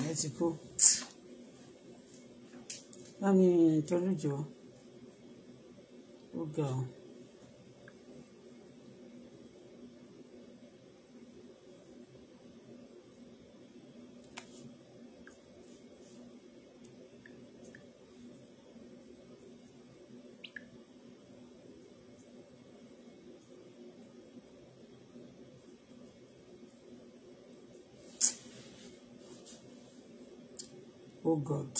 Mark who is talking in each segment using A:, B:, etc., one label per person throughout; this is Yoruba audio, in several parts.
A: ìyẹn ti kú bá mi jọ ó ga ọ́. oh God.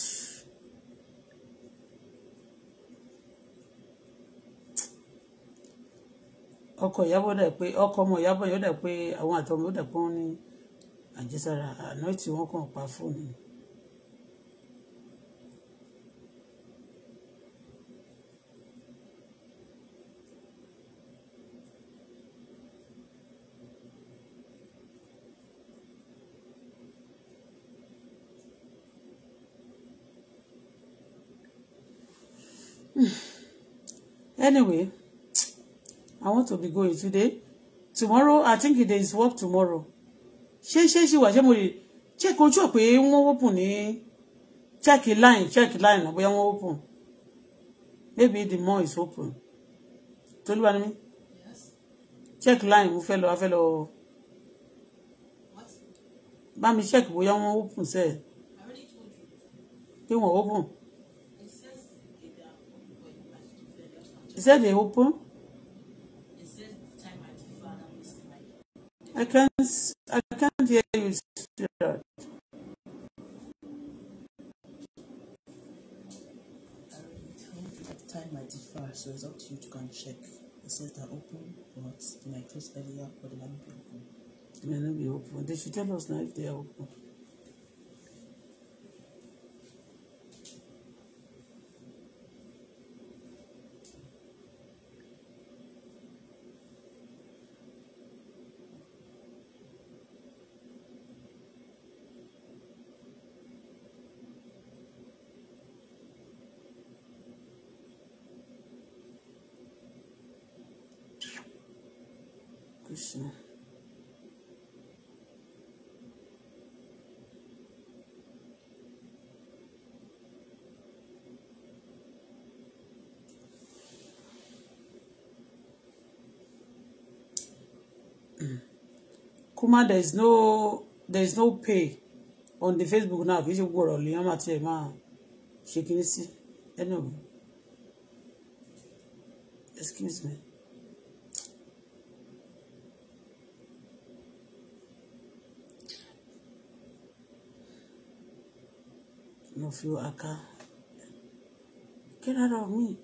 A: ọkọ ìyàbọ̀ dẹ̀ pé ọkọ ọmọ ìyàbọ̀ yóò dẹ̀ pé àwọn àtọmọ yóò dẹ̀ Hmm. anyway i want to be going today tomorrow i think there is work tomorrow ṣé ṣé ṣe wà ṣé mo lè check ojú ọ̀ pé wọ́n open ní check line check line náà bóyá wọ́n open maybe the mall is open tolúwa ni mí check line mo fẹ́ lọ afẹ́ lọ bá mi check bóyá wọ́n open sẹ́ẹ̀ pé wọ́n open. Is that they open? I can't, I can't hear you, sweetheart. Time I defer, so it's up to you to go and check. It says they're open, but they might close earlier, but the might not be open. They might not be open. They should tell us now if they are open. Krishna. Kuma, there is no there is no pay on the Facebook now kì í ṣe gbogbo ọ̀rọ̀ lèèyàn máa tiẹ̀ máa ṣe kiri sí ẹnu excuse me. No feel aka get out of me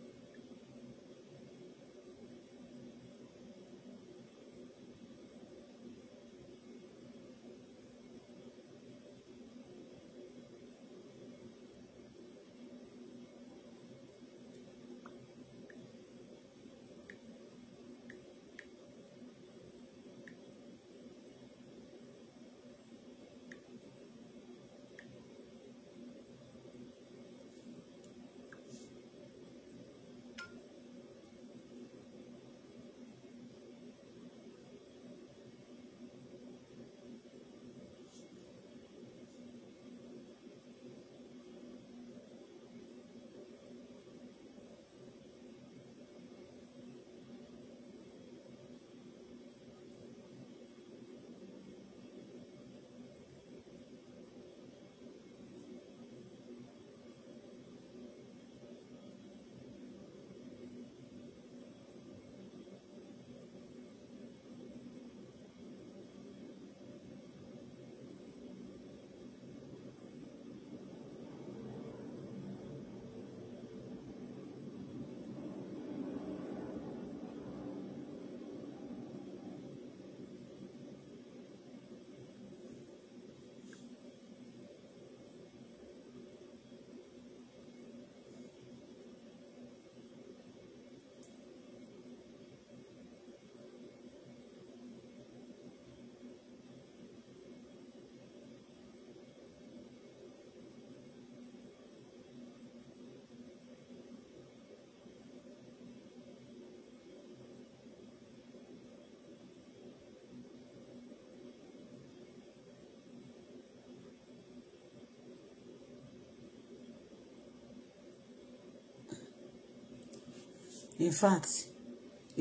A: in fact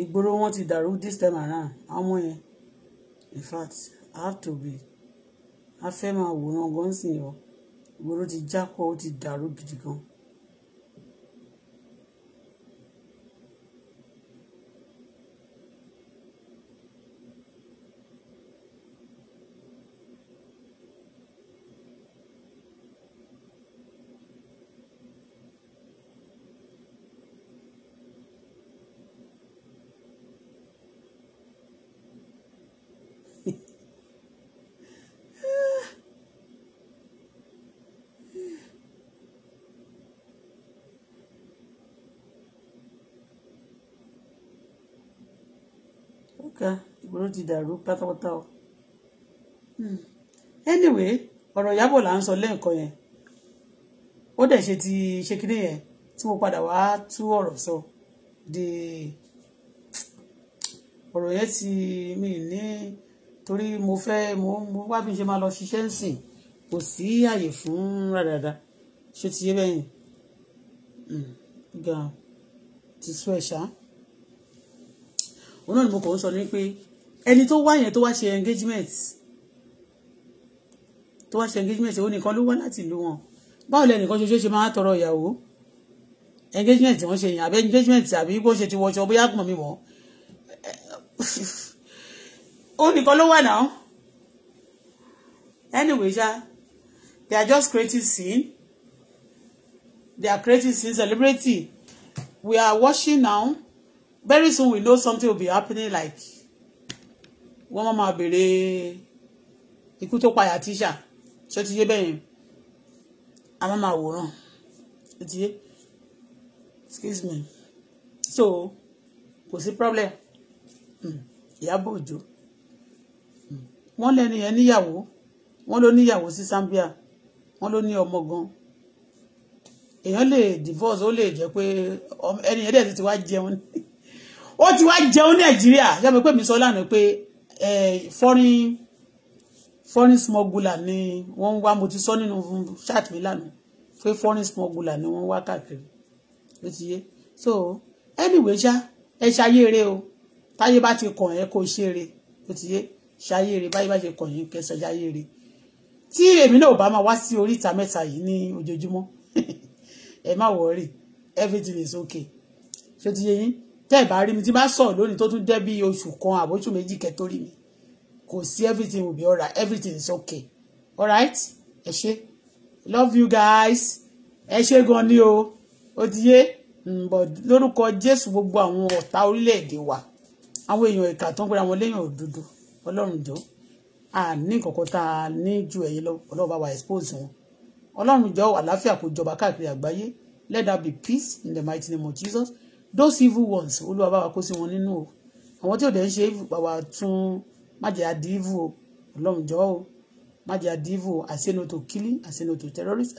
A: ìgboro wọn ti dàrú this time around àwọn yẹn in fact i have to be a fẹ́ máa wòran gan sí yọ ìgboro ti jápọ̀ ó ti dàrú gidi gan ká ìgboro ti dàrú pátápátá o hmm. anyway ọ̀rọ̀ Ìyábọ̀ là ń sọ lẹ́ẹ̀kan yẹn ó dẹ̀ ṣe ti ṣe kíní yẹn tí mo padà wá tú ọ̀rọ̀ sọ di ọ̀rọ̀ yẹn ti mi ní torí mo fẹ́ mo mo wá bí n ṣe máa lọ ṣiṣẹ́ ń sìn kò sí àyè fún ràdàdà ṣé ti yé bẹ́yìn hmm. gan ti sú ẹ̀ ṣáá òun náà ni sọ ní pé ẹni tó wá yẹn tó wá ṣe engagement tó wá ṣe engagement òun nìkan ló wá láti ìlú wọn báwo lẹ nìkan ṣoṣo ṣe máa tọrọ ìyàwó engagement wọn ṣe yàn àbẹ engagement àbí bó ṣe ti wọṣọ bóyá gbọ̀n mi mọ́ òun nìkan ló wà náà anyway ṣá they are just creating scene they are creating scene celebrating we are watching now very soon we know something will be happening like wọ́n máa máa béèrè ikú tó payà tíṣà ṣé ti yé bẹ́ẹ̀ yẹn a máa máa wòran ṣé ti yé excuse me so kò sí problem hmm. Ìyábọ̀ Òjó hmm. wọ́n lẹ́nu yẹn níyàwó wọ́n ló níyàwó sí Zambia wọ́n ló ní ọmọ gan èèyàn lè divorce ó lè jẹ́ pé ẹni yẹn dẹ̀ ti wá jẹun ní ó ti wá jẹun nàìjíríà yàgbé pé mi sọ lánàá pé foreign foreign smuggler ni wọ́n ń wá mo ti sọ nínú chat mi lánàá pé foreign smuggler ni wọ́n ń wá káàkiri ló ti yé so anyway ṣá ẹ ṣayé rẹ o táyé bá ti kàn ẹ kó ṣe rẹ ló ti yé ṣayé rẹ báyé bá ṣe kàn yín kẹsàn ṣayé rẹ tí èmi náà bá máa wá sí oríta mẹ́ta yìí ní ojoojúmọ́ ẹ má wọrí everything is okay ṣé ti yé yín tẹ́ ẹ̀ bá rí mi tí bá sọ̀rọ̀ lónìí tó tún dé bí oṣù kan àbóṣù méjì kẹtórí mi kò sí everything will be alright everything is okay alright ẹ ṣé love you guys ẹ ṣé gan ni o ó ti yé hmm, but lórúkọ Jésù gbogbo àwọn ọ̀tá orílẹ̀-èdè wa àwọn èèyàn ìka tó ń gbéra wọn léèyàn òdodo Ọlọ́run jọ àní kọ̀kọ́ tá a ní ju ẹ̀yìn lọ Ọlọ́run bá wa expose wọn Ọlọ́run jọ àlàáfíà kó jọba káàkiri àgbáyé let there be peace in the mighty name of Jesus those evil ones olúwa bá wa kó sí wọn nínú o àwọn tí ò dẹ̀ ń ṣe evil bàbá tún májẹ̀ àdí evil o ọlọ́run jọ̀ọ́ o májẹ̀ àdí evil o I say no to killing I say no to terrorists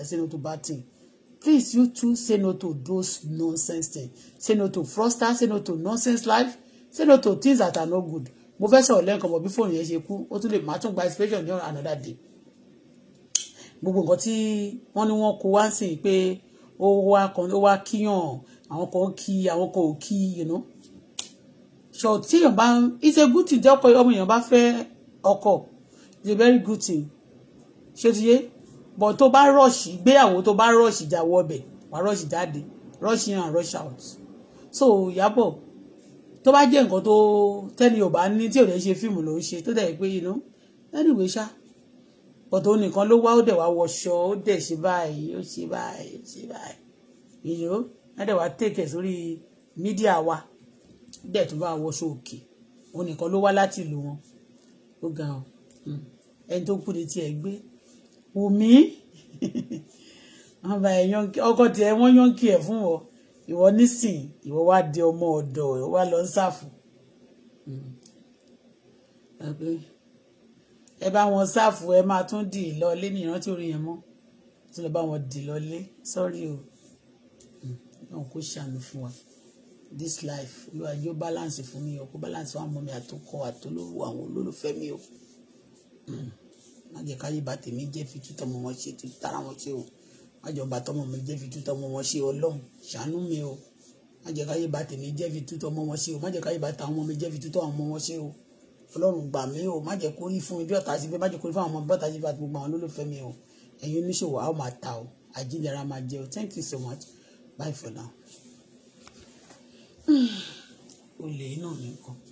A: please you too say no to those nonsense things say no to fraudsters say no to nonsense life say no to things that are no good mo fẹ́ sọ̀rọ̀ lẹ́ǹkan bọ̀ bí fóònù yẹn ṣe kú ó tún lè má tún gba inspiration ní another day gbogbo nǹkan tí wọ́n ní wọ́n kó wá sí pé ó wá kíyàn àwọn kan kí àwọn kan ò kí you know so tí èèyàn bá it's a good thing tí ọkọ ọmọ èèyàn bá fẹ́ ọkọ it's a very good thing ṣé ti yé bọ̀ tó bá rọ̀ṣì gbéyàwó tó bá rọ̀ṣì jáwọ́ ọbẹ̀ wà rọ̀ṣì jáde rush in and rush out so Ìyábọ̀ tó bá jẹ́ nǹkan tó tẹ́ni ò bá ní tí ò dẹ̀ ṣe fíìmù ló ń ṣe tó dẹ̀ pé you know anyway ṣá ọ̀tọ̀ nìkan ló wá ó dẹ̀ wá wọṣọ ó dẹ̀ ṣe báyìí ó ṣe báyìí ó ṣe báyìí you know ládẹ wá tèkẹ sórí mídíà wa dẹ tó bá wọṣọ òkè òun nìkan ló wá láti ìlú wọn ó ga ọ hmm. ẹni tó kú ni tiẹ̀ gbé wùmí wọn bá ẹ yánkì ọkọ tiẹ̀ wọn yánkì ẹ fún ọ ìwọ nísìn ìwọ wá di ọmọ ọ̀dọ̀ ìwọ wá lọ ń ṣàfù hmm. ẹ bá wọn ṣàfù ẹ máa tún dì lọlé ní ìrántí orin yẹn mọ́ tí lọ bá wọn dì lọlé sọrí o. Mm náà kó ṣàánú fún wa this life olúwa balance fún mi o kó balance fún àwọn ọmọ mi àtọkọ àtolówó àwọn olólùfẹ́ mi o hmm. má jẹ́ káyé bá tèmi jẹ́ fi tútọ́ mọ́ wọn ṣe tara wọn ṣe o má jẹ́ bá tọ́mọ mi jẹ́ fi tútọ́ mọ́ wọn ṣe ọlọ́run ṣàánú mi o má jẹ́ káyé bá tèmi jẹ́ fi tútọ́ mọ́ wọn ṣe o má jẹ́ káyé bá ta àwọn ọmọ mi jẹ́ fi tútọ́ ọmọ wọn ṣe o ọlọ́run gbà mí o má kó rí fún mi bí ọ̀tá sí bí má kó rí fún àwọn ọmọ bí ọ̀tá sí bí àti gbogbo àwọn olólùfẹ́ mi o ẹ̀yin oníṣòwò a ó máa ta o àjíǹde máa jẹ o thank you so much bye for now olè náà nìkan.